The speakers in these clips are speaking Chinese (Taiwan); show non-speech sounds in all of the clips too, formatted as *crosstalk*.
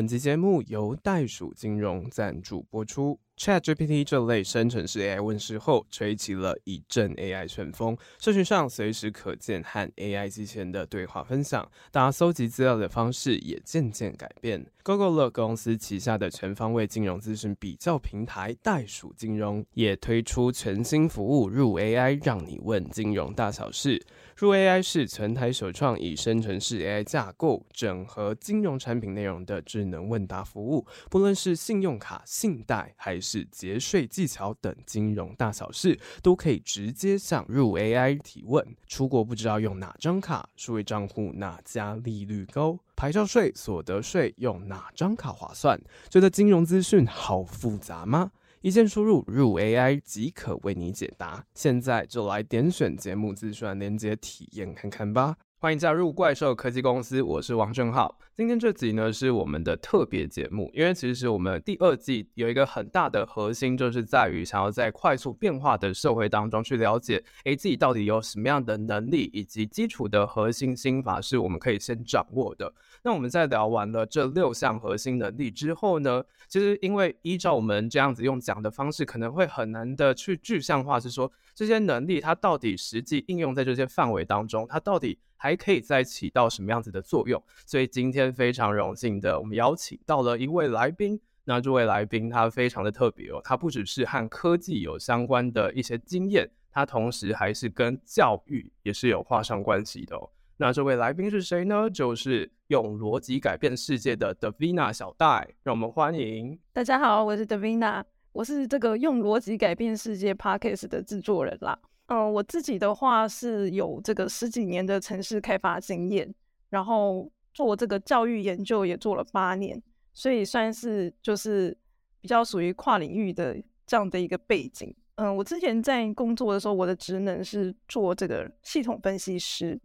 本集節目由袋鼠金融贊助播出。ChatGPT 這類生成式 AI 問世後，吹起了一陣 AI 旋風。社群上隨時可見和 AI 機器人的對話分享，大家搜集資料的方式也漸漸改變。Gogolook 公司旗下的全方位金融資訊比較平台“袋鼠金融”也推出全新服務 ——Roo AI，讓你問金融大小事。Roo AI 是全台首創以生成式 AI 架構整合金融產品內容的智能問答服務，不論是信用卡、信貸還是是節稅技巧等金融大小事，都可以直接向 Roo AI 提問。出國不知道用哪張卡？數位賬戶哪家利率高？牌照稅、所得稅用哪張卡划算？覺得金融資訊好複雜嗎？一鍵輸入 Roo AI 即可為你解答。現在就來點選節目資訊連接體驗看看吧。歡迎加入怪獸科技公司，我是王正浩。今天這集呢是我們的特別節目，因為其實我們第二季有一個很大的核心，就是在於想要在快速變化的社會當中去了解，誒，自己到底有什麼樣的能力，以及基礎的核心心法是我們可以先掌握的。那我們在聊完了這六項核心能力之後呢，其實因為依照我們這樣子用講的方式，可能會很難的去具象化，是說這些能力它到底實際應用在這些範圍當中，它到底還可以再起到什麼樣子的作用？所以今天非常榮幸的，我們邀請到了一位來賓。那這位來賓他非常的特別哦，他不只是和科技有相關的一些經驗，他同時還是跟教育也是有畫上關係的哦。那這位來賓是誰呢？就是。用邏輯改變世界的 Davina 小戴，讓我們歡迎。大家好，我是 Davina，我是這個用邏輯改變世界 Podcast 的製作人啦。嗯，我自己的話是有這個十幾年的城市開發經驗，然後做這個教育研究也做了八年，所以算是就是比較屬於跨領域的這樣的一個背景。嗯，我之前在工作的時候，我的職能是做這個系統分析師。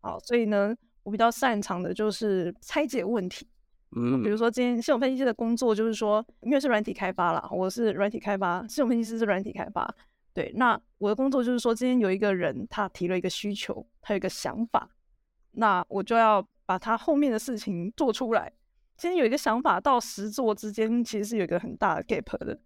好，所以呢。我比較擅長的就是拆解問題，嗯，比如說今天系統分析師的工作就是說，因為是軟體開發啦，我是軟體開發，系統分析師是軟體開發，對，那我的工作就是說，今天有一個人他提了一個需求，他有一個想法，那我就要把他後面的事情做出來。今天有一個想法到實作之間其實是有一個很大的 gap 的，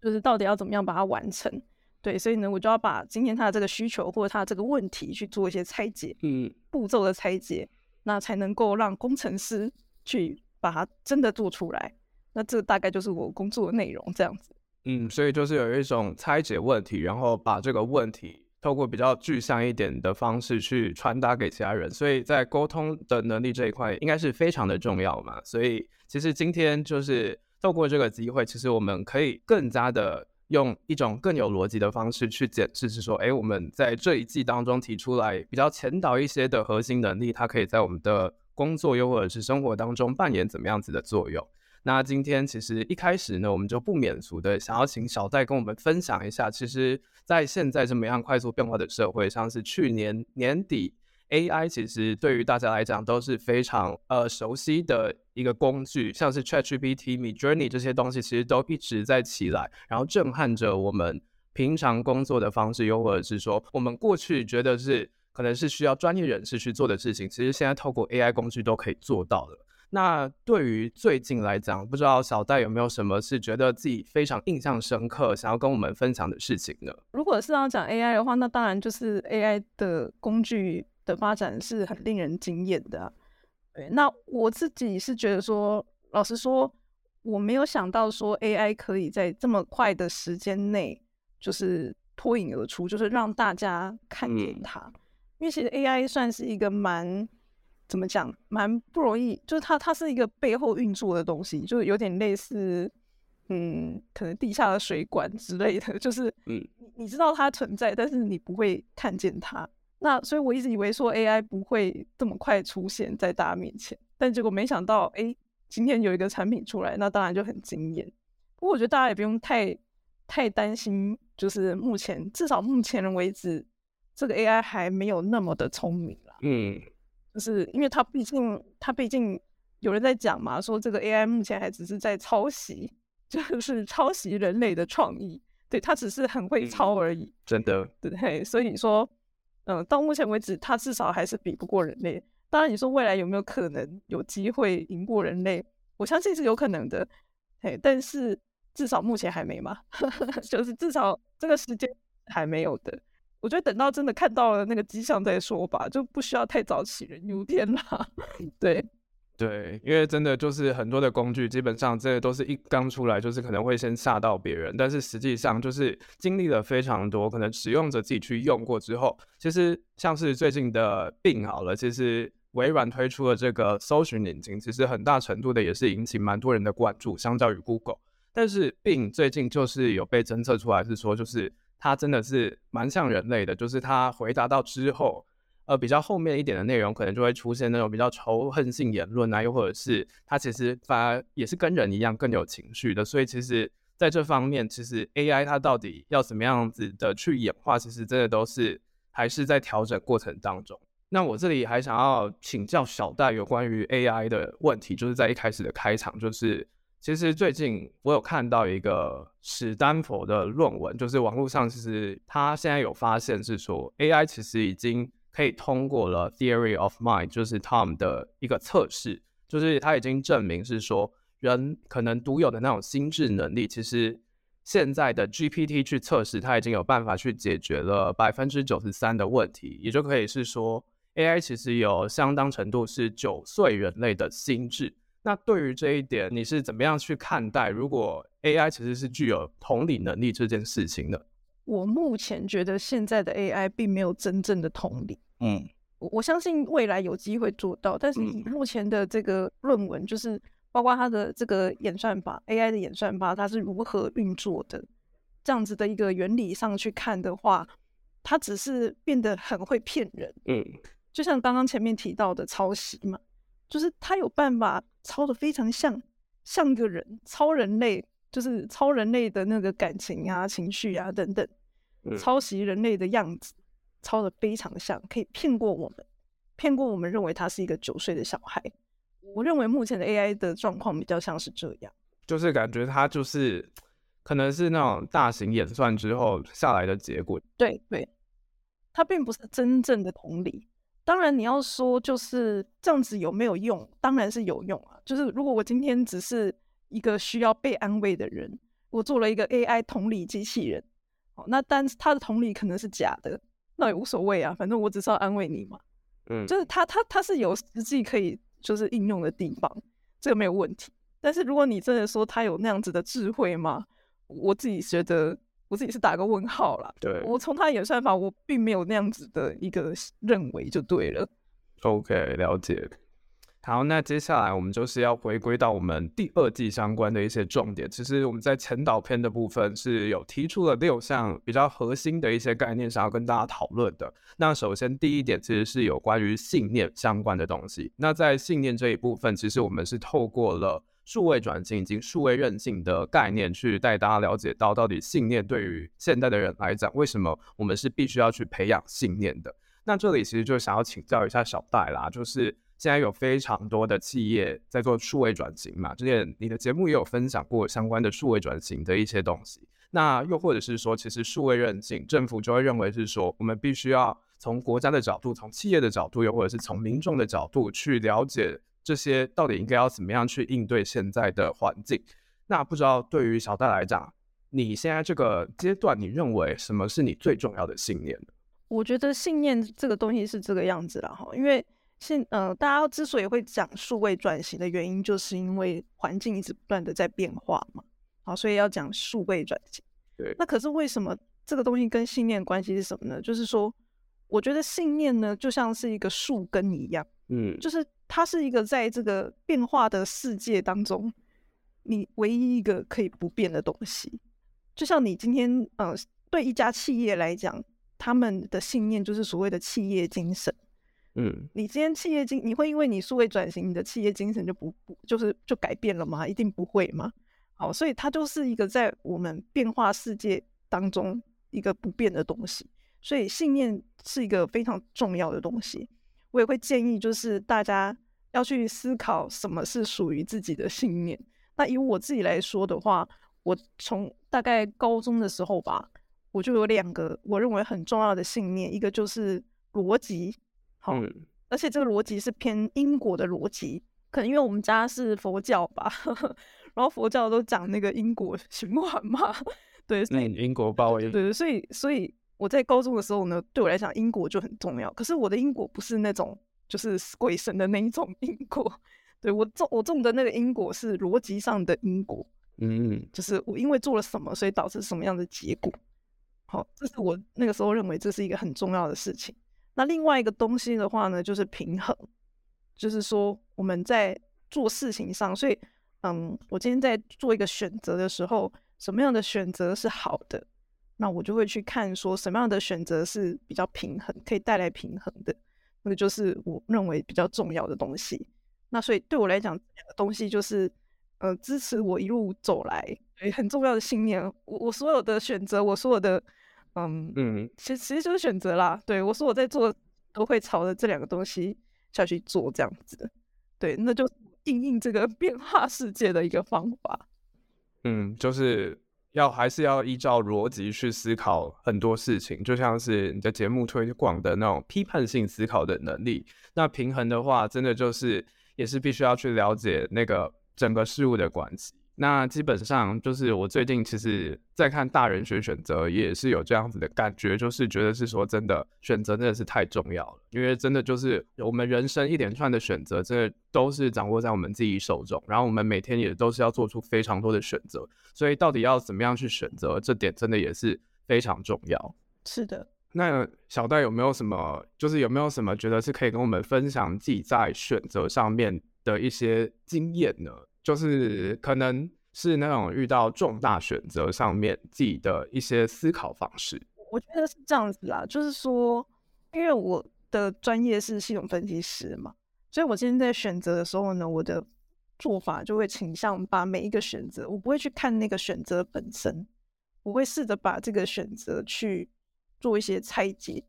就是到底要怎麼樣把它完成。對，所以呢，我就要把今天他的這個需求或者他的這個問題去做一些拆解，嗯，步驟的拆解，那才能夠讓工程師去把它真的做出來。那這大概就是我工作的內容，這樣子。嗯，所以就是有一種拆解問題，然後把這個問題透過比較具象一點的方式去傳達給其他人。所以在溝通的能力這一塊，應該是非常的重要嘛。嗯。所以其實今天就是透過這個機會，嗯。其實我們可以更加的。用一種更有邏輯的方式去解釋，是說，哎，我們在這一季當中提出來比較前導一些的核心能力，它可以在我們的工作又或者是生活當中扮演怎麼樣子的作用。那今天其實一開始呢，我們就不免俗的想要請小戴跟我們分享一下，其實在現在這麼樣快速變化的社會上，像是去年年底。AI 其實對於大家來講都是非常呃熟悉的一個工具，像是 ChatGPT、Midjourney 這些東西，其實都一直在起來，然後震撼着我們平常工作的方式，又或者是說我們過去覺得是可能是需要專業人士去做的事情，其實現在透過 AI 工具都可以做到的做到了。那對於最近來講，不知道小戴有沒有什麼是覺得自己非常印象深刻，想要跟我們分享的事情呢？如果是要講 AI 的話，那當然就是 AI 的工具的發展是很令人驚艷的啊。對，那我自己是覺得說，老實說，我沒有想到說 AI 可以在這麼快的時間內就是脫穎而出，就是讓大家看見它。嗯，因為其實 AI 算是一個蠻，怎麼講，蠻不容易，就是它，它是一個背後運作的東西，就有點類似，嗯，可能地下的水管之類的，就是你，你知道它存在，嗯，但是你不會看見它。那所以，我一直以為說 AI 不會這麼快出現在大家面前，但結果沒想到，哎、欸，今天有一個產品出來，那當然就很驚艷。不過，我覺得大家也不用太太擔心，就是目前至少目前為止，這個 AI 還沒有那麼的聰明啦、啊。嗯，就是因為它畢竟它畢竟有人在講嘛，說這個 AI 目前還只是在抄襲，就是抄襲人類的創意，對，它只是很會抄而已。嗯、真的，對，嘿，所以說。嗯，到目前為止，它至少還是比不過人類。當然，你說未來有沒有可能有機會贏過人類？我相信是有可能的，哎、欸，但是至少目前還沒嘛， *laughs* 就是至少這個時間還沒有的。我覺得等到真的看到了那個跡象再說吧，就不需要太早杞人憂天啦。 *laughs* 對。對，因為真的就是很多的工具，基本上這些都是一剛出來就是可能會先嚇到別人，但是實際上就是經歷了非常多，可能使用者自己去用過之後，其實像是最近的 Bing 好了，其實微軟推出的這個搜尋引擎，其實很大程度的也是引起蠻多人的關注，相較於 Google，但是 Bing 最近就是有被偵測出來是說就是它真的是蠻像人類的，就是它回答到之後。呃，比較後面一點的內容，可能就會出現那種比較仇恨性言論啊，又或者是它其實反而也是跟人一樣更有情緒的，所以其實在這方面，其實 AI 它到底要怎麼樣子的去演化，其實真的都是還是在調整過程當中。那我這裡還想要請教小戴有關於 AI 的問題，就是在一開始的開場，就是其實最近我有看到一個史丹佛的論文，就是網絡上其實他現在有發現是說 AI 其實已經，可以通過了 theory of mind，就是 Tom 的一個測試，就是他已經證明是說人可能獨有的那種心智能力。其實現在的 GPT 去測試，它已經有辦法去解決了百分之九十三的問題，也就可以是說 AI 其實有相當程度是九歲人類的心智。那對於這一點，你是怎麼樣去看待？如果 AI 其實是具有同理能力這件事情的，我目前覺得現在的 AI 並沒有真正的同理。嗯，我相信未來有機會做到，但是以目前的這個論文，就是包括它的這個演算法，AI 的演算法它是如何運作的，這樣子的一個原理上去看的話，它只是變得很會騙人。嗯，就像剛剛前面提到的抄襲嘛，就是他有辦法抄得非常像，像個人，抄人類就是抄人類的那個感情啊、情緒啊等等，抄襲人類的樣子。抄的非常像，可以騙過我們，騙過我們認為他是一個九歲的小孩。我認為目前的 AI 的狀況比較像是這樣，就是感覺他就是可能是那種大型演算之後下來的結果。對對，他並不是真正的同理。當然，你要說就是這樣子有沒有用，當然是有用啊。就是如果我今天只是一個需要被安慰的人，我做了一個 AI 同理機器人，哦，那但是他的同理可能是假的。那也無所謂啊，反正我只是要安慰你嘛。嗯，就是他他他是有實際可以就是應用的地方，這個沒有問題。但是如果你真的說他有那樣子的智慧嗎？我自己覺得我自己是打個問號啦。對，我從他演算法，我並沒有那樣子的一個認為就對了。OK，了解。好，那接下來我們就是要回歸到我們第二季相關的一些重點。其實我們在前導片的部分是有提出了六項比較核心的一些概念，想要跟大家討論的。那首先第一點其實是有關於信念相關的東西。那在信念這一部分，其實我們是透過了數位轉型以及數位韌性的概念，去帶大家了解到到底信念對於現代的人來講，為什麼我們是必須要去培養信念的。那這裡其實就想要請教一下小戴啦，就是。現在有非常多的企業在做數位轉型嘛。之前你的節目也有分享過相關的數位轉型的一些東西。那又或者是說，其實數位韌性，政府就會認為是說，我們必須要從國家的角度、從企業的角度，又或者是從民眾的角度去了解這些到底應該要怎麼樣去應對現在的環境。那不知道對於小戴來講，你現在這個階段，你認為什麼是你最重要的信念？我覺得信念這個東西是這個樣子的哈，因為。現呃，大家之所以會講數位轉型的原因，就是因為環境一直不斷的在變化嘛，好，所以要講數位轉型。對，那可是為什麼這個東西跟信念關係是什麼呢？就是說，我覺得信念呢，就像是一個樹根一樣，嗯，就是它是一個在這個變化的世界當中，你唯一一個可以不變的東西。就像你今天，嗯、呃，對一家企業來講，他們的信念就是所謂的企業精神。嗯，你今天企業經，你會因為你數位轉型，你的企業精神就不不就是就改變了嗎？一定不會嗎？好，所以它就是一個在我們變化世界當中一個不變的東西。所以信念是一個非常重要的東西。我也會建議，就是大家要去思考什麼是屬於自己的信念。那以我自己來說的話，我從大概高中的時候吧，我就有兩個我認為很重要的信念，一個就是邏輯。好、嗯，而且這個邏輯是偏因果的邏輯，可能因為我們家是佛教吧， *laughs* 然後佛教都講那個因果循環嘛，對，那因果報應，對對，所以所以我在高中的時候呢，對我來講因果就很重要。可是我的因果不是那種就是鬼神的那一種因果，對，我種我種的那個因果是邏輯上的因果，嗯，嗯，就是我因為做了什麼，所以導致什麼樣的結果。好，這是我那個時候認為這是一個很重要的事情。那另外一個東西的話呢，就是平衡，就是說我們在做事情上，所以，嗯，我今天在做一個選擇的時候，什麼樣的選擇是好的，那我就會去看說什麼樣的選擇是比較平衡，可以帶來平衡的，那個就是我認為比較重要的東西。那所以對我來講，東西就是，呃，支持我一路走來很重要的信念。我我所有的選擇，我所有的。嗯、um, 嗯，其實其實就是選擇啦。對，我說我在做都會朝着這兩個東西下去做這樣子。對，那就因應這個變化世界的一個方法。嗯，就是要還是要依照邏輯去思考很多事情，就像是你的節目推廣的那種批判性思考的能力。那平衡的話，真的就是也是必須要去了解那個整個事物的關係。那基本上就是我最近其實在看《大人學選擇》，也是有這樣子的感覺，就是覺得是說真的，選擇真的是太重要了。因為真的就是我們人生一連串的選擇，真的都是掌握在我們自己手中。然後我們每天也都是要做出非常多的選擇，所以到底要怎麼樣去選擇，這點真的也是非常重要。是的，那小戴有沒有什麼，就是有沒有什麼覺得是可以跟我們分享自己在選擇上面的一些經驗呢？就是可能是那種遇到重大選擇上面自己的一些思考方式，我覺得是這樣子啦。就是說，因為我的專業是系統分析師嘛，所以我今天在選擇的時候呢，我的做法就會傾向把每一個選擇，我不會去看那個選擇本身，我會試着把這個選擇去做一些拆解。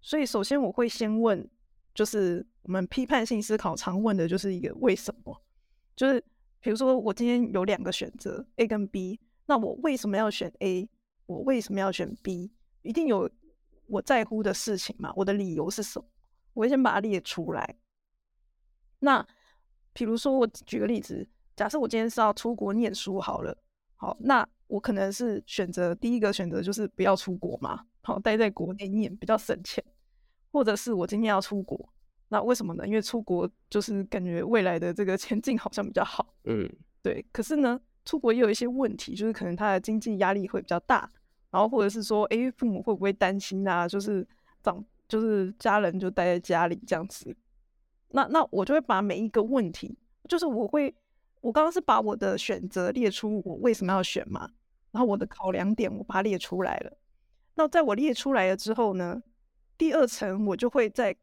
所以首先我會先問，就是我們批判性思考常問的就是一個為什麼，就是。比如說，我今天有兩個選擇，A 跟 B，那我為什麼要選 A？我為什麼要選 B？一定有我在乎的事情嘛？我的理由是什麼？我先把它列出來。那比如說，我舉個例子，假設我今天是要出國念書好了，好，那我可能是選擇第一個選擇就是不要出國嘛，好，待在國內念比較省錢，或者是我今天要出國。那為什麼呢？因為出國就是感覺未來的這個前景好像比較好，嗯，對。可是呢，出國也有一些問題，就是可能他的經濟壓力會比較大，然後或者是說，哎，父母會不會擔心啊？就是長，就是家人就待在家裡這樣子。那那我就會把每一個問題，就是我會，我剛剛是把我的選擇列出，我為什麼要選嘛？然後我的考量點我把它列出來了。那在我列出來了之後呢，第二層我就會在。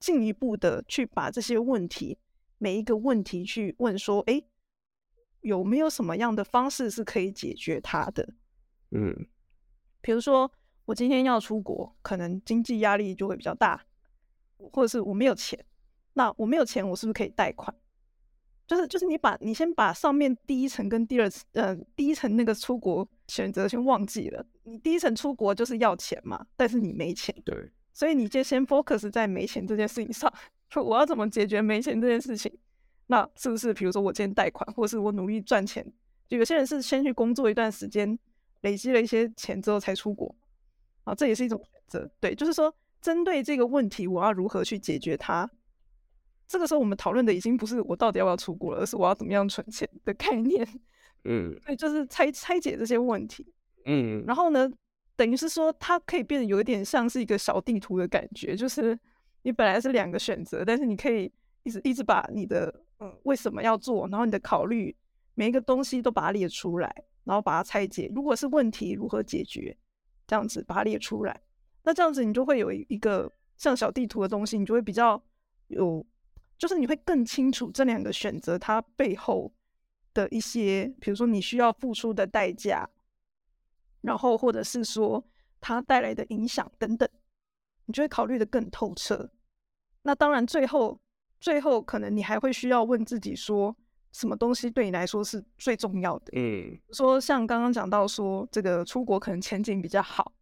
進一步的去把這些問題，每一個問題去問說，哎、欸，有沒有什麼樣的方式是可以解決它的？嗯，比如說我今天要出國，可能經濟壓力就會比較大，或者是我沒有錢，那我沒有錢，我是不是可以貸款？就是就是你把你先把上面第一層跟第二層，呃，第一層那個出國選擇先忘記了，你第一層出國就是要錢嘛，但是你沒錢，對。所以你就先 focus 在沒錢這件事情上，說我要怎麼解決沒錢這件事情？那是不是比如說我今天貸款，或是我努力賺錢？就有些人是先去工作一段時間，累積了一些錢之後才出國，啊，這也是一種選擇。對，就是說針對這個問題，我要如何去解決它？這個時候我們討論的已經不是我到底要不要出國了，而是我要怎麼樣存錢的概念。嗯，對，就是拆拆解這些問題。嗯，嗯，然後呢？等於是說，它可以變得有一點像是一個小地圖的感覺。就是你本來是兩個選擇，但是你可以一直一直把你的嗯為什麼要做，然後你的考慮每一個東西都把它列出來，然後把它拆解。如果是問題，如何解決？這樣子把它列出來，那這樣子你就會有一個像小地圖的東西，你就會比較有，就是你會更清楚這兩個選擇它背後的一些，比如說你需要付出的代價。然後，或者是說它帶來的影響等等，你就會考慮得更透徹。那當然最後，最後最後，可能你還會需要問自己，說什麼東西對你來說是最重要的？嗯，說像剛剛講到說這個出國可能前景比較好，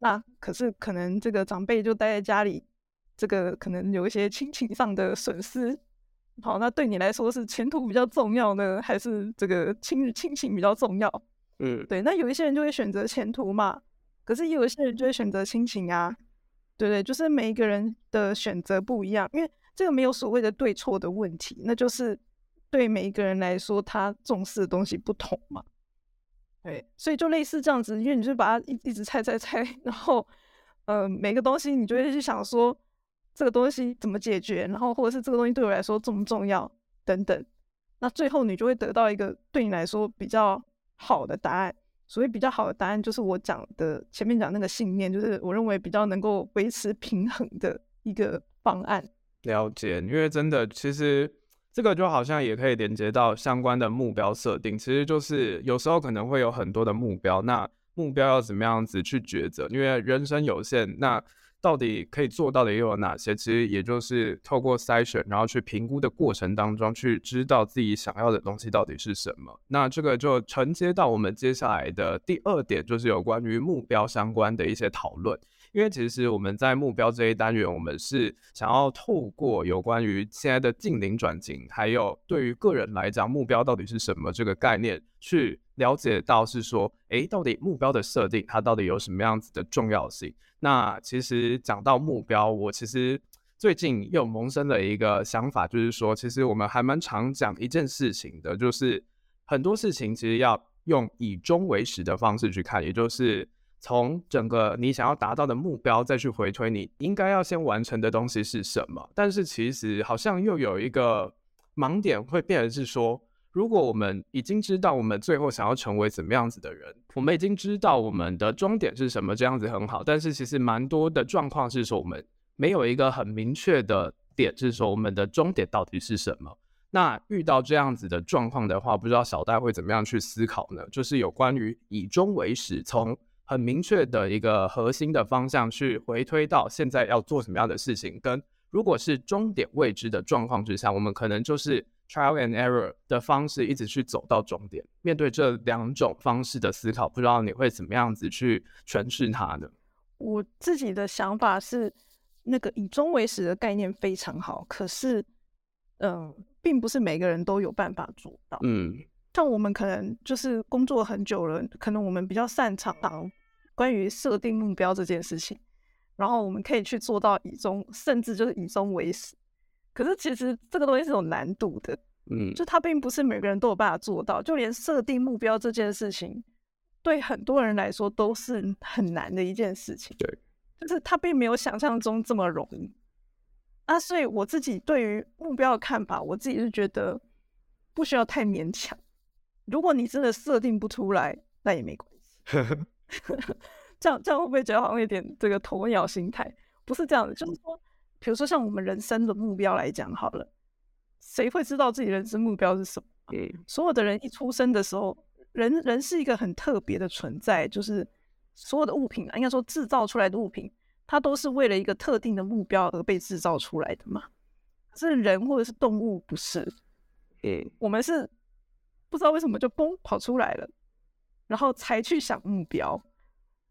那可是可能這個長輩就待在家裡，這個可能有一些親情上的損失。好，那對你來說是前途比較重要呢，還是這個親親情比較重要？嗯，對，那有一些人就會選擇前途嘛，可是也有一些人就會選擇親情啊，對，對對，就是每一個人的選擇不一樣，因為這個沒有所謂的對錯的問題，那就是對每一個人來說，他重視的東西不同嘛，對，所以就類似這樣子，因為你就把它一一直猜猜猜，然後，呃，每個東西你就會去想說這個東西怎麼解決，然後或者是這個東西對我來說重不重要等等，那最後你就會得到一個對你來說比較。好的答案，所以比較好的答案就是我講的前面講那個信念，就是我認為比較能夠維持平衡的一個方案。了解，因為真的其實這個就好像也可以連接到相關的目標設定，其實就是有時候可能會有很多的目標，那目標要怎麼樣子去抉擇？因為人生有限，那。到底可以做到的又有哪些？其實也就是透過篩選，然後去評估的過程當中，去知道自己想要的東西到底是什麼。那這個就承接到我們接下來的第二點，就是有關於目標相關的一些討論。因為其實我們在目標這一單元，我們是想要透過有關於現在的近零轉型，還有對於個人來講目標到底是什麼這個概念，去了解到是說，哎，到底目標的設定它到底有什麼樣子的重要性？那其實講到目標，我其實最近又萌生了一個想法，就是說，其實我們還蠻常講一件事情的，就是很多事情其實要用以終為始的方式去看，也就是。從整個你想要達到的目標，再去回推你應該要先完成的東西是什麼？但是其實好像又有一個盲點，會變成是說，如果我們已經知道我們最後想要成為怎麼樣子的人，我們已經知道我們的終點是什麼，這樣子很好。但是其實蠻多的狀況是說，我們沒有一個很明確的點，是說我們的終點到底是什麼。那遇到這樣子的狀況的話，不知道小戴會怎麼樣去思考呢？就是有關於以終為始，從。很明確的一個核心的方向去回推到現在要做什麼樣的事情，跟如果是終點未知的狀況之下，我們可能就是 trial and error 的方式一直去走到終點。面對這兩種方式的思考，不知道你會怎麼樣子去詮釋它的。我自己的想法是，那個以終為始的概念非常好，可是，嗯、呃，並不是每個人都有辦法做到。嗯。像我們可能就是工作很久了，可能我們比較擅長關於設定目標這件事情，然後我們可以去做到以終，甚至就是以終為始。可是其實這個東西是有難度的，嗯，就它並不是每個人都有辦法做到。就連設定目標這件事情，對很多人來說都是很難的一件事情。對，就是它並沒有想象中這麼容易。啊，所以我自己對於目標的看法，我自己是覺得不需要太勉強。如果你真的設定不出來，那也沒關係。呵呵呵，這樣這樣會不會覺得好像有點這個鴕鳥心態？不是這樣的，就是說，比如說像我們人生的目標來講，好了，誰會知道自己人生目標是什麼？欸，所有的人一出生的時候，人人是一個很特別的存在，就是所有的物品啊，應該說製造出來的物品，它都是為了一個特定的目標而被製造出來的嘛。可是人或者是動物不是？誒、欸，我們是。不知道為什麼就嘣跑出來了，然後才去想目標，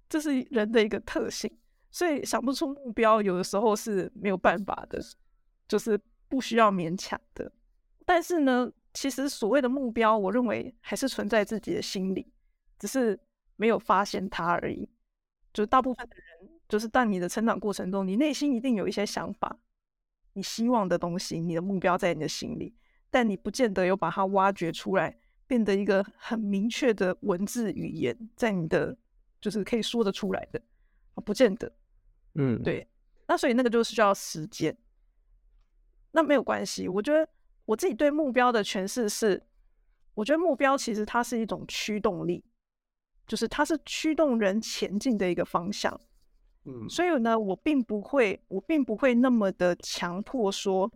這是人的一個特性，所以想不出目標有的時候是沒有辦法的，就是不需要勉強的。但是呢，其實所謂的目標，我認為還是存在自己的心裡，只是沒有發現它而已。就是大部分的人，就是當你的成長過程中，你內心一定有一些想法，你希望的東西，你的目標在你的心裡，但你不見得有把它挖掘出來。變得一個很明確的文字語言，在你的就是可以說得出來的，不見得，嗯，對，那所以那個就需要時間，那沒有關係。我覺得我自己對目標的詮釋是，我覺得目標其實它是一種驅動力，就是它是驅動人前進的一個方向，嗯，所以呢，我並不會，我並不會那麼的強迫說，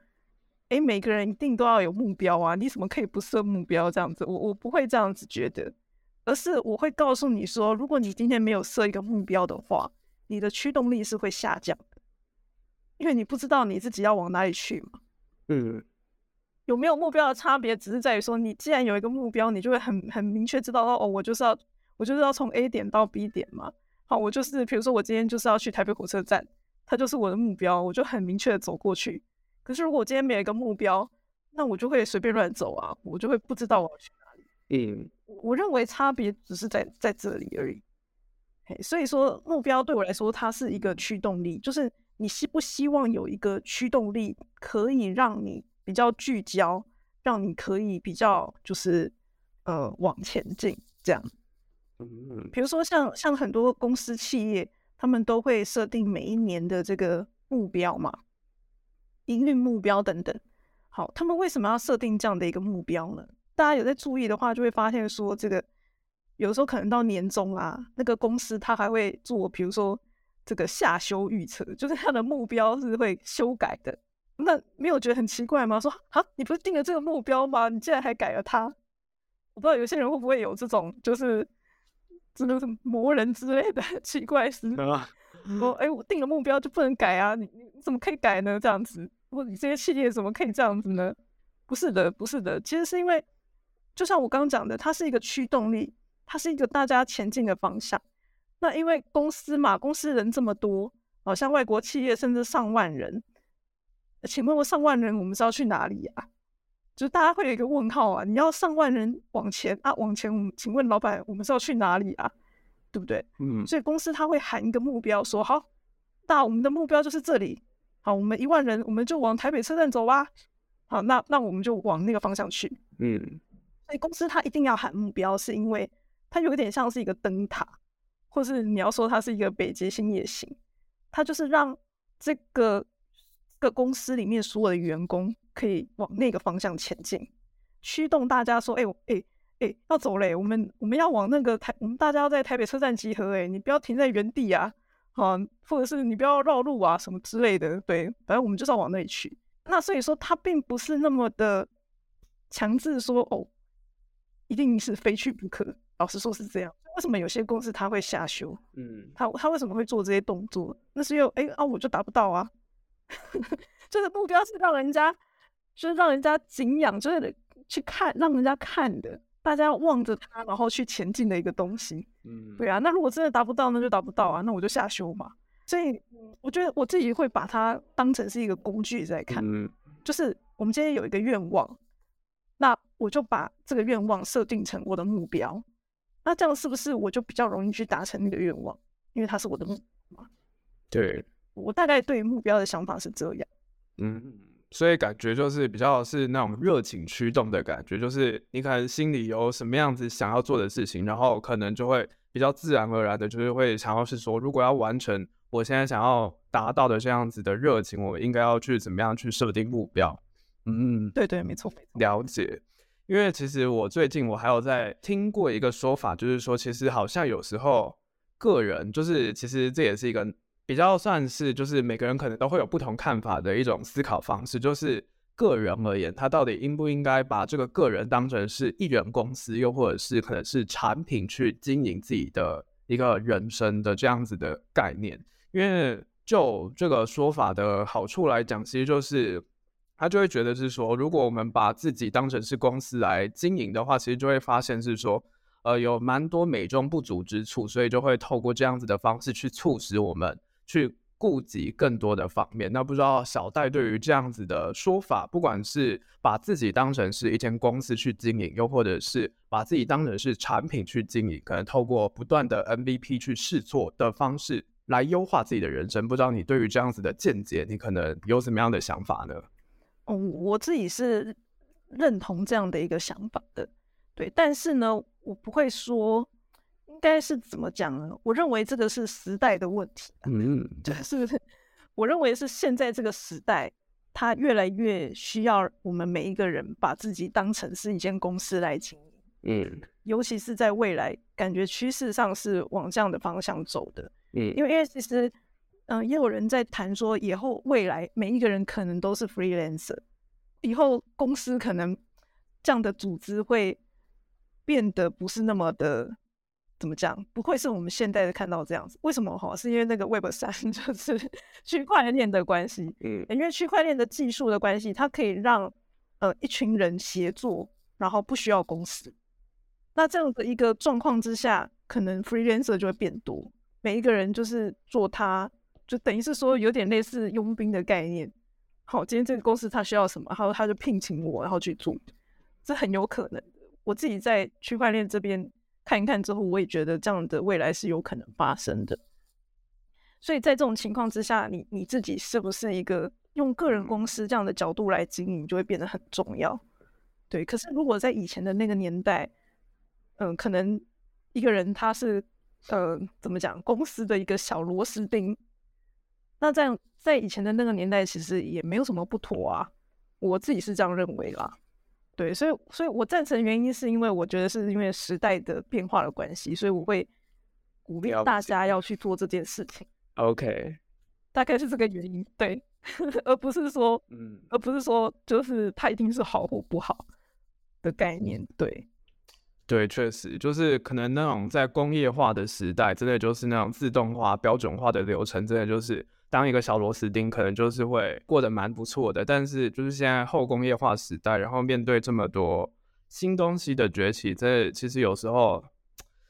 誒、欸，每個人一定都要有目標啊！你怎麼可以不設目標這樣子？我我不會這樣子覺得，而是我會告訴你說，如果你今天沒有設一個目標的話，你的驅動力是會下降的，因為你不知道你自己要往哪裡去嘛。嗯，有沒有目標的差別，只是在於說，你既然有一個目標，你就會很很明確知道哦，我就是要我就是要從 A 點到 B 點嘛。好，我就是比如說我今天就是要去台北火車站，它就是我的目標，我就很明確的走過去。可是，如果今天沒有一個目標，那我就會隨便亂走啊，我就會不知道我要去哪裡。嗯，我認為差別只是在在這裡而已。Okay, 所以說目標對我來說，它是一個驅動力，就是你希不希望有一個驅動力，可以讓你比較聚焦，讓你可以比較就是呃往前進這樣。嗯，比如說像像很多公司企業，他們都會設定每一年的這個目標嘛。營運目標等等，好，他們為什麼要設定這樣的一個目標呢？大家有在注意的話，就會發現說，這個有時候可能到年終啊，那個公司他還會做，比如說這個下修預測，就是他的目標是會修改的。那沒有覺得很奇怪嗎？說啊，你不是定了這個目標嗎？你竟然還改了它？我不知道有些人會不會有這種，就是這、就是魔人之類的奇怪事啊。說哎、欸，我定了目標就不能改啊？你你怎麼可以改呢？這樣子。你這些企業怎麼可以這樣子呢？不是的，不是的，其實是因為，就像我剛剛講的，它是一個驅動力，它是一個大家前進的方向。那因為公司嘛，公司人這麼多，好像外國企業甚至上萬人，請問，我上萬人，我們是要去哪裡啊？就大家會有一個問號啊，你要上萬人往前啊，往前，我們請問老闆，我們是要去哪裡啊？對不對？嗯，所以公司他會喊一個目標說，說好，那我們的目標就是這裡。好，我們一萬人，我們就往台北車站走吧。好，那那我們就往那個方向去。嗯，所以公司它一定要喊目標，是因為它有點像是一個燈塔，或是你要說它是一個北極星也行。它就是讓這個個公司裡面所有的員工可以往那個方向前進，驅動大家說：哎、欸，哎哎、欸欸，要走嘞、欸！我們我們要往那個台，我們大家要在台北車站集合、欸。誒，你不要停在原地啊！嗯，或者是你不要繞路啊，什麼之類的。對，反正我們就是要往那裡去。那所以說，他並不是那麼的強制說，哦，一定是非去不可。老實說，是這樣。為什麼有些公司他會下修？嗯，他他為什麼會做這些動作？那是因為，哎，啊，我就達不到啊。這 *laughs* 個目標是讓人家，就是讓人家敬仰，就是去看，讓人家看的。大家望着它，然後去前進的一個東西，嗯，對啊。那如果真的達不到，那就達不到啊。那我就下修嘛。所以，我覺得我自己會把它當成是一個工具在看。嗯，就是我們今天有一個願望，那我就把這個願望設定成我的目標。那這樣是不是我就比較容易去達成那個願望？因為它是我的目標嘛。對，我大概對於目標的想法是這樣。嗯嗯。所以感覺就是比較是那種熱情驅動的感覺，就是你可能心裡有什麼樣子想要做的事情，然後可能就會比較自然而然的，就是會想要是說，如果要完成我現在想要達到的這樣子的熱情，我應該要去怎麼樣去設定目標？嗯嗯，對對，沒錯。了解，因為其實我最近我還有在聽過一個說法，就是說其實好像有時候個人就是其實這也是一個。比較算是就是每個人可能都會有不同看法的一種思考方式，就是個人而言，他到底應不應該把這個個人當成是一人公司，又或者是可能是產品去經營自己的一個人生的這樣子的概念？因為就這個說法的好處來講，其實就是他就會覺得是說，如果我們把自己當成是公司來經營的話，其實就會發現是說，呃，有蠻多美中不足之處，所以就會透過這樣子的方式去促使我們。去顧及更多的方面，那不知道小戴對於這樣子的說法，不管是把自己當成是一間公司去經營，又或者是把自己當成是產品去經營，可能透過不斷的 MVP 去試錯的方式來優化自己的人生。不知道你對於這樣子的見解，你可能有什麼樣的想法呢？嗯、哦，我自己是認同這樣的一個想法的，對，但是呢，我不會說。該是怎麼講呢？我認為這個是時代的問題，嗯，對，是不是？我認為是現在這個時代，它越來越需要我們每一個人把自己當成是一間公司來經營，嗯、mm-hmm.，尤其是在未來，感覺趨勢上是往這樣的方向走的，嗯，因為因為其實，嗯、呃，也有人在談說，以後未來每一個人可能都是 freelancer，以後公司可能這樣的組織會變得不是那麼的。怎麼講？不會是我們現代的看到這樣子？為什麼哈、哦？是因為那個 Web 三就是區塊鏈的關係，嗯，因為區塊鏈的技術的關係，它可以讓呃一群人協作，然後不需要公司。那這樣的一個狀況之下，可能 freelancer 就會變多，每一個人就是做他，就等於是說有點類似傭兵的概念。好，今天這個公司他需要什麼，然後他就聘請我，然後去做。這很有可能，我自己在區塊鏈這邊。看一看之後，我也覺得這樣的未來是有可能發生的。所以在這種情況之下，你你自己是不是一個用個人公司這樣的角度來經營，就會變得很重要。對，可是如果在以前的那個年代，嗯、呃，可能一個人他是呃，怎麼講，公司的一個小螺絲釘，那這樣在以前的那個年代，其實也沒有什麼不妥啊。我自己是這樣認為啦。對，所以，所以我贊成原因是因為我覺得是因為時代的變化的關係，所以我會鼓勵大家要去做這件事情。OK，大概是這個原因，對， *laughs* 而不是說，嗯，而不是說就是它一定是好或不好的概念，對，對，確實就是可能那種在工業化的時代，真的就是那種自動化、標準化的流程，真的就是。當一個小螺絲釘，可能就是會過得蠻不錯的。但是，就是現在後工業化時代，然後面對這麼多新東西的崛起，這其實有時候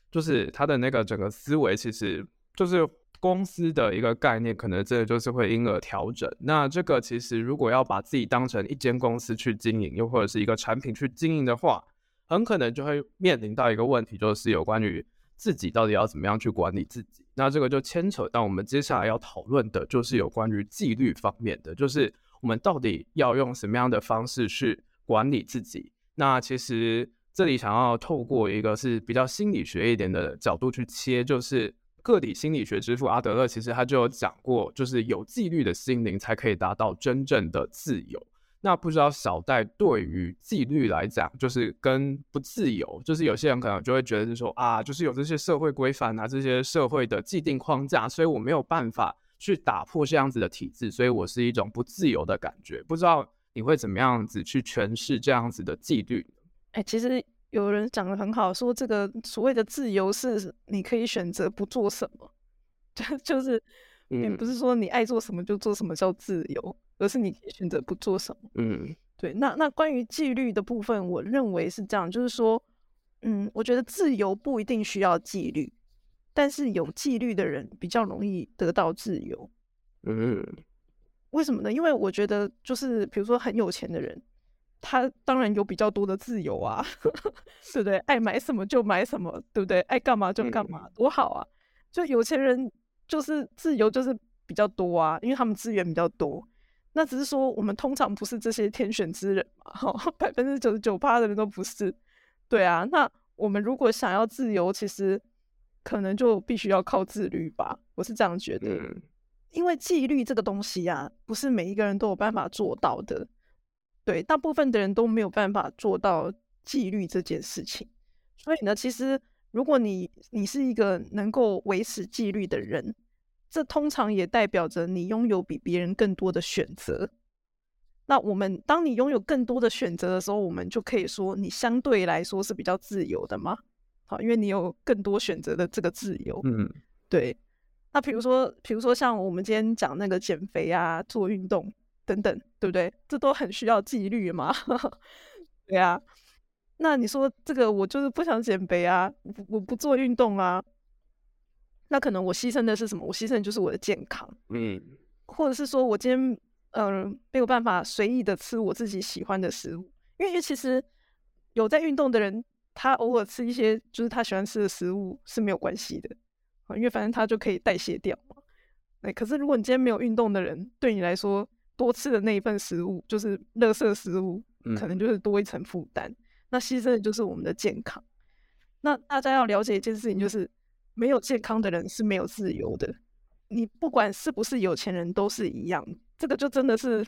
就是他的那個整個思維，其實就是公司的一個概念，可能真的就是會因而調整。那這個其實如果要把自己當成一間公司去經營，又或者是一個產品去經營的話，很可能就會面臨到一個問題，就是有關於。自己到底要怎麼樣去管理自己？那這個就牽扯到我們接下來要討論的，就是有關於紀律方面的，就是我們到底要用什麼樣的方式去管理自己？那其實這裡想要透過一個是比較心理學一點的角度去切，就是個體心理學之父阿德勒，其實他就有講過，就是有紀律的心靈才可以達到真正的自由。那不知道小戴對於紀律來講，就是跟不自由，就是有些人可能就會覺得，就說啊，就是有這些社會規範啊，這些社會的既定框架，所以我沒有辦法去打破這樣子的體制，所以我是一種不自由的感覺。不知道你會怎麼樣子去詮釋這樣子的紀律？哎、欸，其實有人講得很好，說這個所謂的自由是你可以選擇不做什麼，就 *laughs* 就是也不是說你愛做什麼就做什麼叫自由。而是你選擇不做什麼。嗯，對。那那關於紀律的部分，我認為是這樣，就是說，嗯，我覺得自由不一定需要紀律，但是有紀律的人比較容易得到自由。嗯，為什麼呢？因為我覺得，就是比如說很有錢的人，他當然有比較多的自由啊，對 *laughs* 不對？愛買什麼就買什麼，對不對？愛幹嘛就幹嘛，嗯，多好啊！就有錢人就是自由就是比較多啊，因為他們資源比較多。那只是說，我們通常不是這些天選之人嘛，哈、哦，百分之九十九八的人都不是，對啊。那我們如果想要自由，其實可能就必須要靠自律吧，我是這樣覺得。嗯、因為紀律這個東西呀、啊，不是每一個人都有辦法做到的，對，大部分的人都沒有辦法做到紀律這件事情。所以呢，其實如果你你是一個能夠維持紀律的人，這通常也代表着你擁有比別人更多的選擇。那我們，當你擁有更多的選擇的時候，我們就可以說你相對來說是比較自由的嘛。好，因為你有更多選擇的這個自由。嗯，對。那比如說，比如說像我們今天講那個減肥啊、做運動等等，對不對？這都很需要紀律嘛。 *laughs* 對啊。那你說這個，我就是不想減肥啊，我不，我不做運動啊。那可能我犧牲的是什麼？我犧牲的就是我的健康，嗯，或者是說我今天，嗯、呃，沒有辦法隨意的吃我自己喜歡的食物，因為因為其實有在運動的人，他偶爾吃一些就是他喜歡吃的食物是沒有關係的，啊、嗯，因為反正他就可以代謝掉嘛。哎，可是如果你今天沒有運動的人，對你來說，多吃的那一份食物就是垃圾食物，可能就是多一層負擔。嗯、那犧牲的就是我們的健康。那大家要了解一件事情就是。嗯沒有健康的人是沒有自由的，你不管是不是有錢人都是一樣，這個就真的是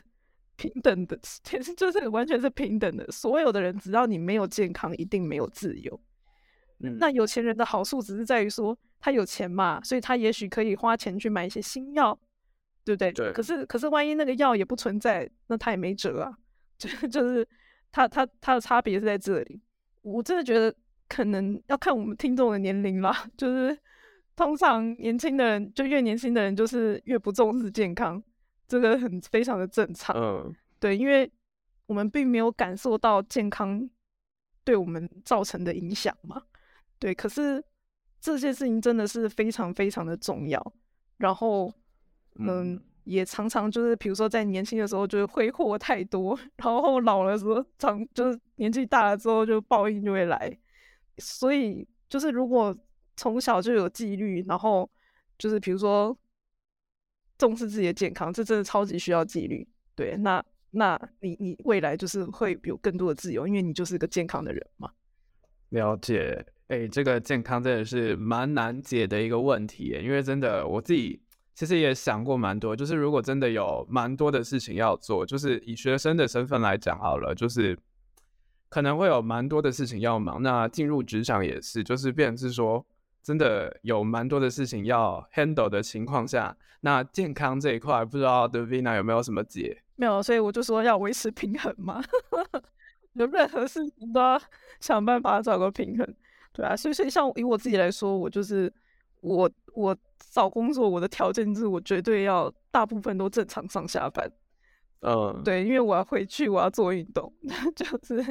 平等的，其實就是完全，是平等的。所有的人只要你沒有健康，一定沒有自由。嗯，那有錢人的好處只是在於說他有錢嘛，所以他也許可以花錢去買一些新藥，對不對？對。可是可是萬一那個藥也不存在，那他也沒轍啊。就是就是，他他他的差別是在這裡。我真的覺得。可能要看我們聽眾的年齡啦，就是通常年輕的人，就越年輕的人，就是越不重視健康，這個很非常的正常。Uh. 對，因為我們並沒有感受到健康對我們造成的影響嘛。對，可是這些事情真的是非常非常的重要。然後，嗯，mm. 也常常就是比如說在年輕的時候就是揮霍太多，然後老了時候長就是年紀大了之後就報應就會來。所以，就是如果從小就有紀律，然後就是比如說重視自己的健康，這真的超級需要紀律。對，那那你你未來就是會有更多的自由，因為你就是個健康的人嘛。了解，哎、欸，這個健康真的是蠻難解的一個問題，因為真的我自己其實也想過蠻多，就是如果真的有蠻多的事情要做，就是以學生的身份來講好了，就是。可能會有蠻多的事情要忙，那進入職場也是，就是變成是說，真的有蠻多的事情要 handle 的情況下，那健康這一塊，不知道 Davina 有沒有什麼解？沒有，所以我就說要維持平衡嘛， *laughs* 有任何事情都要想辦法找個平衡，對啊，所以所以像以我自己來說，我就是我我找工作，我的條件是我絕對要大部分都正常上下班。嗯、uh，對，因為我要回去，我要做運動，就是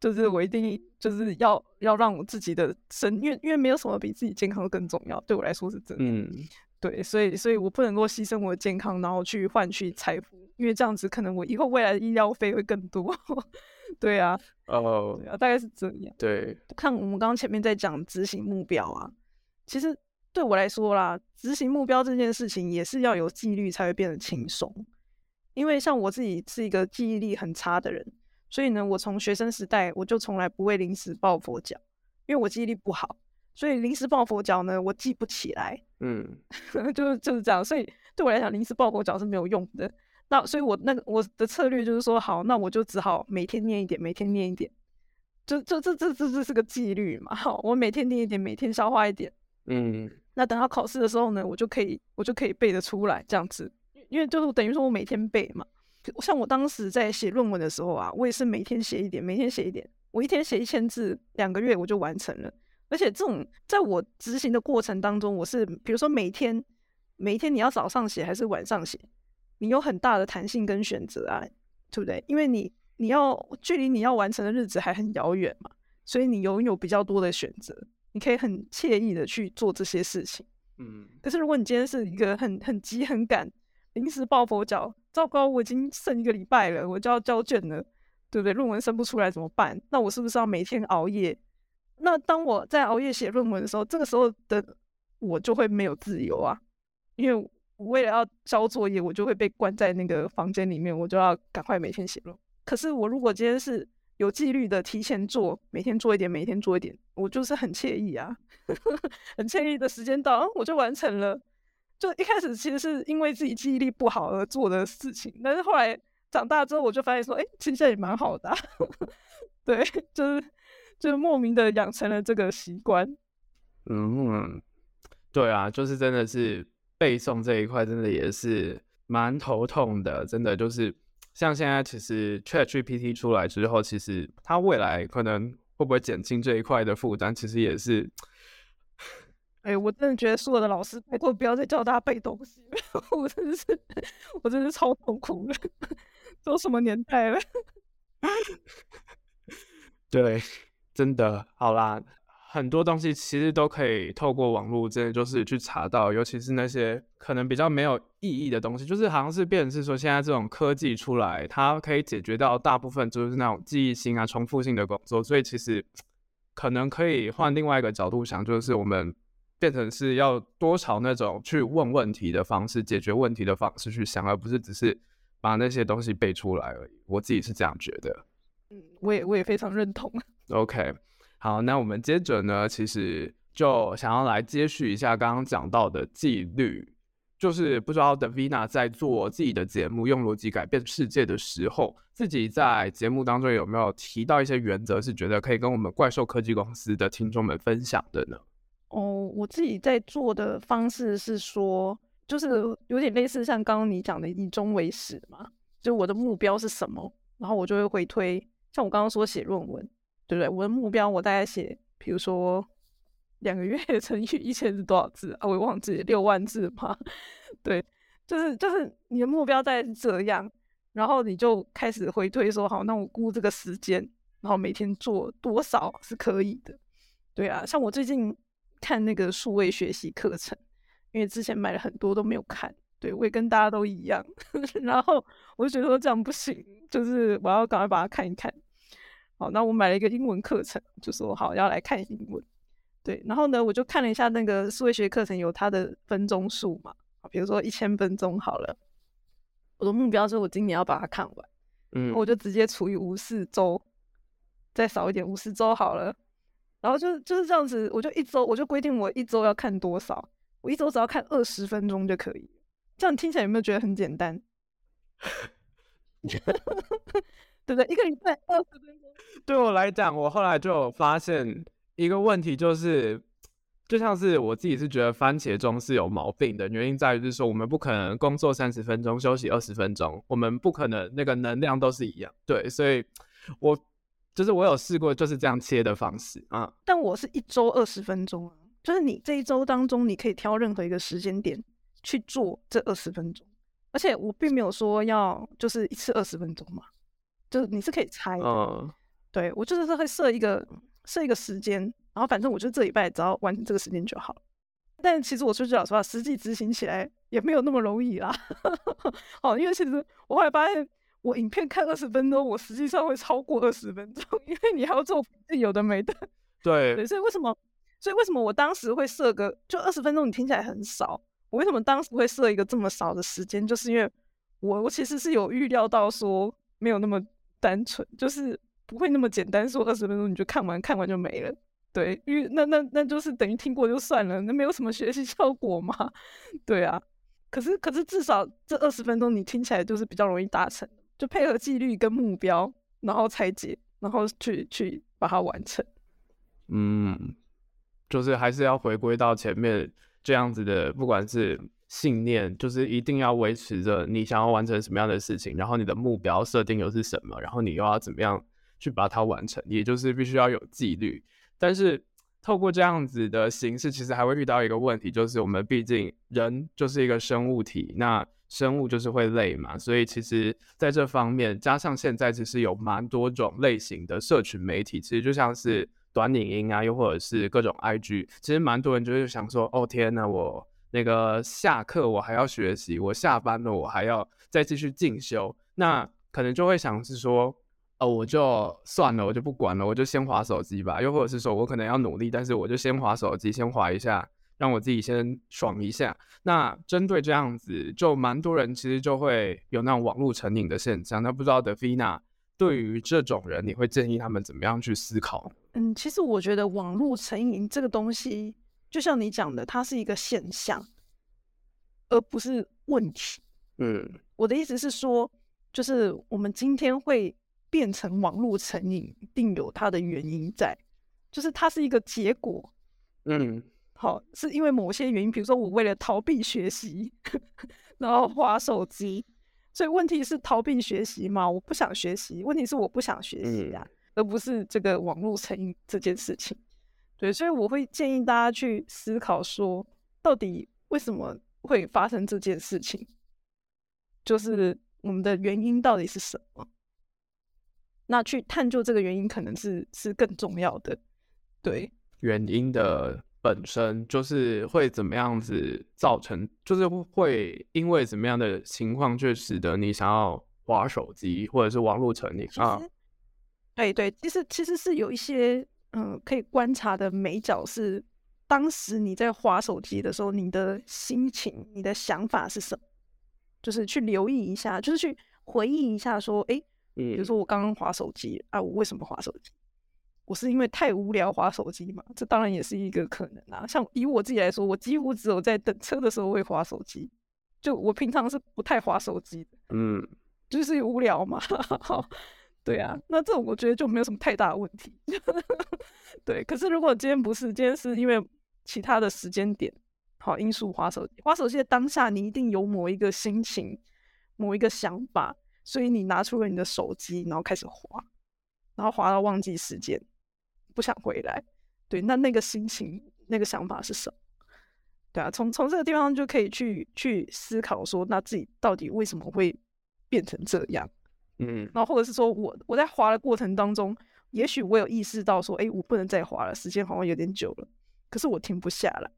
就是我一定就是要要讓我自己的身，因為因為沒有什麼比自己健康更重要，對我來說是真的。嗯，對，所以所以我不能夠犧牲我的健康，然後去換取財富，因為這樣子可能我以後未來的醫療費會更多。 *laughs* 對啊，哦、uh, 對啊，大概是這樣。對，看我們剛剛前面在講執行目標啊，其實對我來說啦，執行目標這件事情也是要有紀律才會變得輕鬆。因為像我自己是一個記憶力很差的人，所以呢，我從學生時代我就從來不會臨時抱佛腳，因為我記憶力不好，所以臨時抱佛腳呢，我記不起來，嗯， *laughs* 就是就是這樣，所以對我來講，臨時抱佛腳是沒有用的。那所以我，我那我的策略就是說，好，那我就只好每天念一點，每天念一點，就就這這這這是個紀律嘛，好，我每天念一點，每天消化一點，嗯，那等到考試的時候呢，我就可以我就可以背得出來，這樣子。因為就是等於說我每天背嘛，像我當時在寫論文的時候啊，我也是每天寫一點，每天寫一點，我一天寫一千字，兩個月我就完成了。而且這種在我執行的過程當中，我是比如說每天每天你要早上寫還是晚上寫，你有很大的彈性跟選擇啊，對不對？因為你你要距離你要完成的日子還很遙遠嘛，所以你擁有比較多的選擇，你可以很愜意的去做這些事情。嗯，可是如果你今天是一個很很急很趕。臨時抱佛腳，糟糕！我已經剩一個禮拜了，我就要交卷了，對不對？論文生不出來怎麼辦？那我是不是要每天熬夜？那當我在熬夜寫論文的時候，這個時候的我就會沒有自由啊，因為我為了要交作業，我就會被關在那個房間裡面，我就要趕快每天寫論文。可是我如果今天是有紀律的提前做，每天做一點，每天做一點，我就是很愜意啊，呵呵，很愜意的。時間到，嗯，我就完成了。就一開始其實是因為自己記憶力不好而做的事情，但是後來長大之後，我就發現說，哎、欸，其實也蠻好的，啊， *laughs* 對，就是就莫名的養成了這個習慣。嗯，對啊，就是真的是背誦這一塊，真的也是蠻頭痛的。真的就是像現在，其實 ChatGPT 出來之後，其實它未來可能會不會減輕這一塊的負擔，其實也是。哎，我真的覺得是我的老師，我不要再叫大家背東西。 *laughs* 我真是，我真是超痛苦的，都什麼年代了？對，真的好啦。很多東西其實都可以透過網絡，真的就是去查到。尤其是那些可能比較沒有意義的東西，就是好像是變成是說，現在這種科技出來，它可以解決到大部分就是那種記憶性啊、重複性的工作。所以其實可能可以換另外一個角度想，就是我們。變成是要多朝那種去問問題的方式、解決問題的方式去想，而不是只是把那些東西背出來而已。我自己是這樣覺得。嗯，我也我也非常認同。OK，好，那我們接着呢，其實就想要來接續一下剛剛講到的紀律，就是不知道 Davina 在做自己的節目《用邏輯改變世界》的時候，自己在節目當中有沒有提到一些原則，是覺得可以跟我們怪獸科技公司的聽眾們分享的呢？哦、oh，我自己在做的方式是說，就是有點類似像剛剛你講的以終為始嘛，就我的目標是什麼，然後我就會回推。像我剛剛說寫論文，對不對？我的目標我大概寫，比如說兩個月乘以一千是多少字啊？我忘記六萬字嗎？ *laughs* 對，就是就是你的目標在這樣，然後你就開始回推說好，那我估這個時間，然後每天做多少是可以的。對啊，像我最近。看那個數位學習課程，因為之前買了很多都沒有看，對，我也跟大家都一樣。呵呵，然後我就覺得說這樣不行，就是我要趕快把它看一看。好，那我買了一個英文課程，就說好要來看英文。對，然後呢，我就看了一下那個數位學課程，有它的分鐘數嘛，比如說一千分鐘好了。我的目標是我今年要把它看完，嗯，然後我就直接除以五四週，再少一點，五十週好了。然後就是就是這樣子，我就一周我就規定我一周要看多少，我一周只要看二十分鐘就可以。這樣聽起來有沒有覺得很簡單？ *laughs* *laughs* 對不對？一個禮拜二十分鐘。對我來講，我後來就發現一個問題，就是就像是我自己是覺得番茄鐘是有毛病的，原因在於就是說我們不可能工作三十分鐘，休息二十分鐘，我們不可能那個能量都是一樣。對，所以我。就是我有試過就是這樣切的方式啊，但我是一周二十分鐘，就是你這一周當中，你可以挑任何一個時間點去做這二十分鐘，而且我並沒有說要就是一次二十分鐘嘛，就是你是可以拆的，嗯，對，我就是會設一個設一個時間，然後反正我就這禮拜只要完成這個時間就好了，但其實我說句老實話，實際執行起來也沒有那麼容易啦，哦， *laughs* 因為其實我後來發現。我影片看二十分鐘，我實際上會超過二十分鐘，因為你還要做有的沒的。對，對，所以為什麼？所以為什麼我當時會設個就二十分鐘？你聽起來很少。我為什麼當時會設一個這麼少的時間？就是因為我我其實是有預料到說沒有那麼單純，就是不會那麼簡單說二十分鐘你就看完，看完就沒了。對，因為那那那就是等於聽過就算了，那沒有什麼學習效果嘛。對啊，可是可是至少這二十分鐘你聽起來就是比較容易達成。就配合紀律跟目標，然後拆解，然後去去把它完成。嗯，就是還是要回歸到前面這樣子的，不管是信念，就是一定要維持着你想要完成什麼樣的事情，然後你的目標設定又是什麼，然後你又要怎麼樣去把它完成，也就是必須要有紀律，但是。透過這樣子的形式，其實還會遇到一個問題，就是我們畢竟人就是一個生物體，那生物就是會累嘛，所以其實在這方面，加上現在其實是有蠻多種類型的社群媒體，其實就像是短影音啊，又或者是各種 IG，其實蠻多人就是想說，哦，天吶，我那個下課我還要學習，我下班了我還要再繼續進修，那可能就會想是說。呃、哦，我就算了，我就不管了，我就先滑手機吧。又或者是說，我可能要努力，但是我就先滑手機，先滑一下，讓我自己先爽一下。那針對這樣子，就蠻多人其實就會有那種網絡成癮的現象。那不知道 Davina 對於這種人，你會建議他們怎麼樣去思考？嗯，其實我覺得網絡成癮這個東西，就像你講的，它是一個現象，而不是問題。嗯，我的意思是說，就是我們今天會。變成網絡成癮，一定有它的原因在，就是它是一個結果。嗯，好，是因為某些原因，比如說我為了逃避學習，然後劃手機。所以問題是逃避學習嗎？我不想學習。問題是我不想學習啊，嗯，而不是這個網絡成癮這件事情。對，所以我會建議大家去思考說，到底為什麼會發生這件事情？就是我們的原因到底是什麼？那去探究這個原因可能是是更重要的，對。原因的本身就是會怎麼樣子造成，就是會因為什麼樣的情況，就使得你想要滑手機或者是網路成癮。啊？對對，其實其實是有一些嗯可以觀察的眉角是，當時你在滑手機的時候，你的心情、你的想法是什麼？就是去留意一下，就是去回憶一下說，說哎。嗯，比如說我剛剛滑手機、嗯、啊，我為什麼滑手機？我是因為太無聊滑手機嘛？這當然也是一個可能啦、啊。像以我自己來說，我幾乎只有在等車的時候會滑手機，就我平常是不太滑手機的。嗯，就是無聊嘛。對啊，那這種我覺得就沒有什麼太大的問題。 *laughs* 對，可是如果今天不是，今天是因為其他的時間點、好因素滑手機，滑手機的當下，你一定有某一個心情、某一個想法。所以你拿出了你的手機，然後開始滑，然後滑到忘記時間，不想回來。對，那那個心情、那個想法是什麼？對啊，從從這個地方就可以去去思考說，那自己到底為什麼會變成這樣？嗯，然後或者是說我我在滑的過程當中，也許我有意識到說，哎，我不能再滑了，時間好像有點久了，可是我停不下來。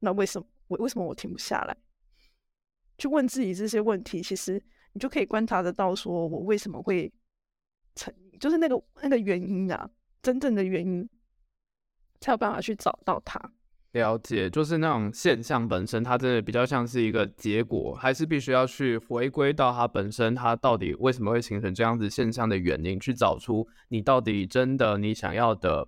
那為什麼？我為什麼我停不下來？去問自己這些問題，其實。你就可以觀察得到，說我為什麼會成，就是那個那個原因啊，真正的原因才有辦法去找到它。了解，就是那種現象本身，它真的比較像是一個結果，還是必須要去回歸到它本身，它到底為什麼會形成這樣子現象的原因，去找出你到底真的你想要的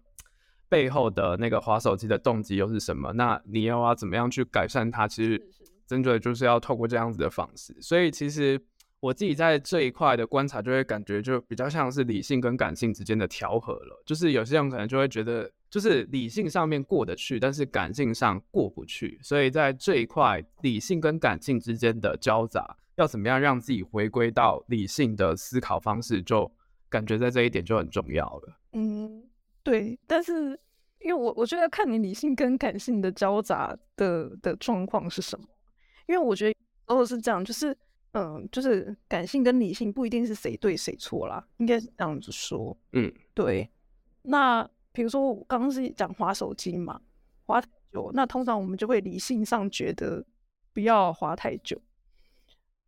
背後的那個滑手機的動機又是什麼？那你要要怎麼樣去改善它？其實真的就是要透過這樣子的方式，所以其實。我自己在這一塊的觀察，就會感覺就比較像是理性跟感性之間的調和了。就是有些人可能就會覺得，就是理性上面過得去，但是感性上過不去。所以在這一塊理性跟感性之間的交雜，要怎麼樣讓自己回歸到理性的思考方式，就感覺在這一點就很重要了。嗯，對。但是因為我我覺得看你理性跟感性的交雜的的狀況是什麼，因為我覺得如果是這樣，就是。嗯，就是感性跟理性不一定是誰對誰錯啦，應該是這樣子說。嗯，對。那比如說我剛剛是講滑手機嘛，滑太久，那通常我們就會理性上覺得不要滑太久，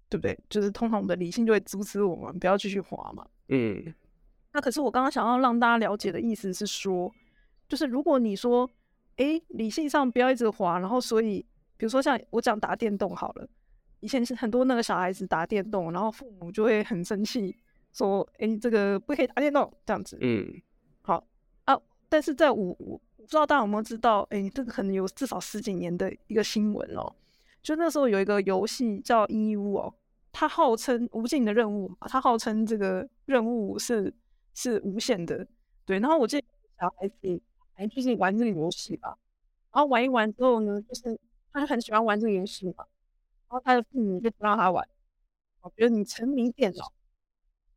對不對？就是通常我們的理性就會阻止我們不要繼續滑嘛。嗯。那可是我剛剛想要讓大家了解的意思是說，就是如果你說，欸，理性上不要一直滑，然後所以，比如說像我講打電動好了。以前是很多那個小孩子打電動，然後父母就會很生氣，說：“哎、欸，你這個不可以打電動。”這樣子。嗯。好啊，但是在我，我不知道大家有沒有知道，哎、欸，這個可能有至少十幾年的一個新聞哦、喔。就那時候有一個遊戲叫 EQ 哦，它號稱無盡的任務嘛，它號稱這個任務是是無限的。對。然後我記得小孩子還繼續玩這個遊戲吧，然後玩一玩之後呢，就是他就很喜歡玩這個遊戲嘛。然後他的父母就不讓他玩，我覺得你沉迷電腦，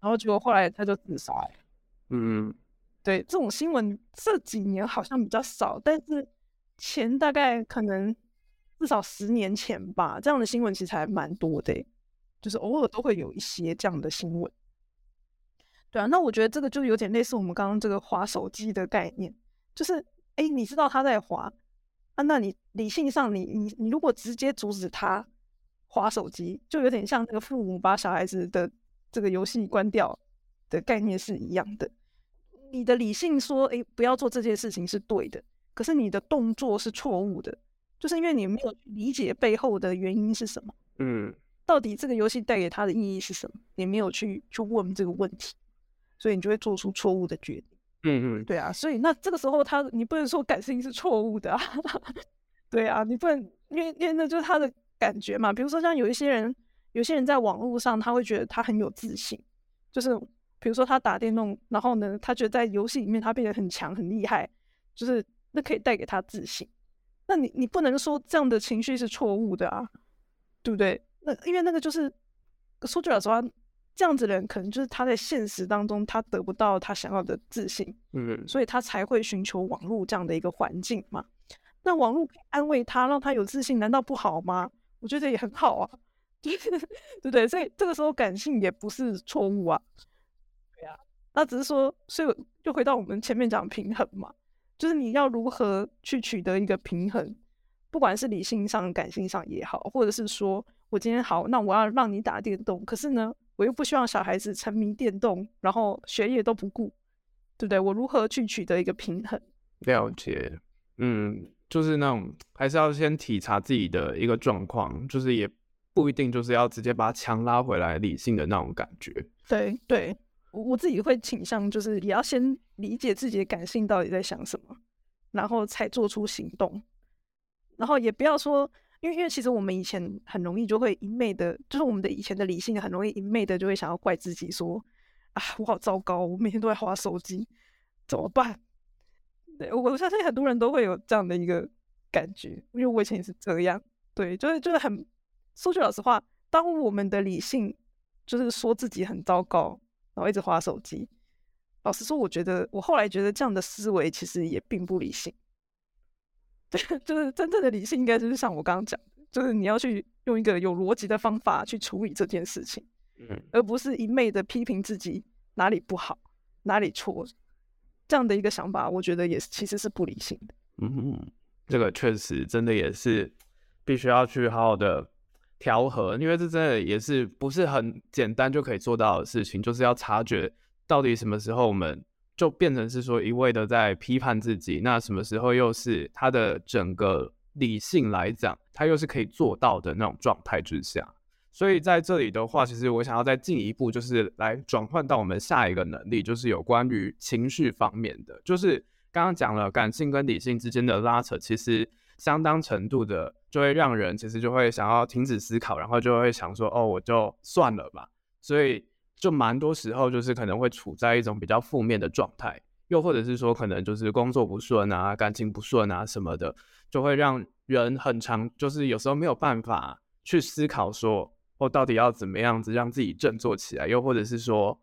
然後結果後來他就自殺了、欸。嗯，對，這種新聞這幾年好像比較少，但是前大概可能至少十年前吧，這樣的新聞其實還蠻多的、欸，就是偶爾都會有一些這樣的新聞。對啊，那我覺得這個就有點類似我們剛剛這個滑手機的概念，就是哎，你知道他在滑，啊，那你理性上你你你，如果直接阻止他。滑手機就有點像那個父母把小孩子的這個遊戲關掉的概念是一樣的。你的理性說：“誒，不要做這件事情是對的。”可是你的動作是錯誤的，就是因為你沒有理解背後的原因是什麼。嗯，到底這個遊戲帶給他的意義是什麼？你沒有去去問這個問題，所以你就會做出錯誤的決定。嗯嗯，對啊，所以那這個時候他，你不能說感性是錯誤的啊。 *laughs* 對啊，你不能因為因為那就是他的。感覺嘛，比如說像有一些人，有些人在網絡上他會覺得他很有自信，就是比如說他打電動，然後呢，他覺得在遊戲裡面他變得很強很厲害，就是那可以帶給他自信。那你你不能說這樣的情緒是錯誤的啊，對不對？那因為那個就是說句老實話，這樣子的人可能就是他在現實當中他得不到他想要的自信，嗯，所以他才會尋求網絡這樣的一個環境嘛。那網絡安慰他，讓他有自信，難道不好嗎？我覺得也很好啊，就是對不對？所以這個時候感性也不是錯誤啊，對啊，那只是說，所以就回到我們前面講平衡嘛，就是你要如何去取得一個平衡，不管是理性上、感性上也好，或者是說我今天好，那我要讓你打電動，可是呢，我又不希望小孩子沉迷電動，然後學業都不顧，對不對？我如何去取得一個平衡？了解，嗯。就是那種還是要先體察自己的一個狀況，就是也不一定就是要直接把他強拉回來理性的那種感覺。對，對，我我自己會傾向就是也要先理解自己的感性到底在想什麼，然後才做出行動。然後也不要說，因為因為其實我們以前很容易就會一昧的，就是我們的以前的理性很容易一昧的就會想要怪自己說啊，我好糟糕，我每天都在滑手機，怎麼辦？我我相信很多人都會有這樣的一個感覺，因為我以前也是這樣。對，就是就是很，說句老實話，當我們的理性就是說自己很糟糕，然後一直滑手機。老實說，我覺得我後來覺得這樣的思維其實也並不理性。對，就是真正的理性應該就是像我剛剛講的，就是你要去用一個有邏輯的方法去處理這件事情，嗯，而不是一昧的批評自己哪裡不好，哪裡錯。這樣的一個想法，我覺得也是其實是不理性的。嗯哼，這個確實真的也是必須要去好好的調和，因為這真的也是不是很簡單就可以做到的事情，就是要察覺到底什麼時候我們就變成是說一味的在批判自己，那什麼時候又是他的整個理性來講，他又是可以做到的那種狀態之下。所以在這裡的話，其實我想要再進一步，就是來轉換到我們下一個能力，就是有關於情緒方面的。就是剛剛講了，感性跟理性之間的拉扯，其實相當程度的就會讓人其實就會想要停止思考，然後就會想說，哦，我就算了吧。所以就蠻多時候就是可能會處在一種比較負面的狀態，又或者是說可能就是工作不順啊，感情不順啊什麼的，就會讓人很常，就是有時候沒有辦法去思考說。我到底要怎麼樣子讓自己振作起來？又或者是說，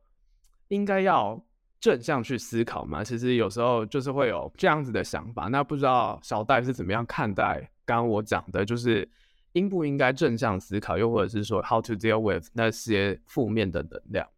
應該要正向去思考嗎？其實有時候就是會有這樣子的想法。那不知道小戴是怎麼樣看待剛剛我講的，就是應不應該正向思考？又或者是說，how to deal with 那些負面的能量？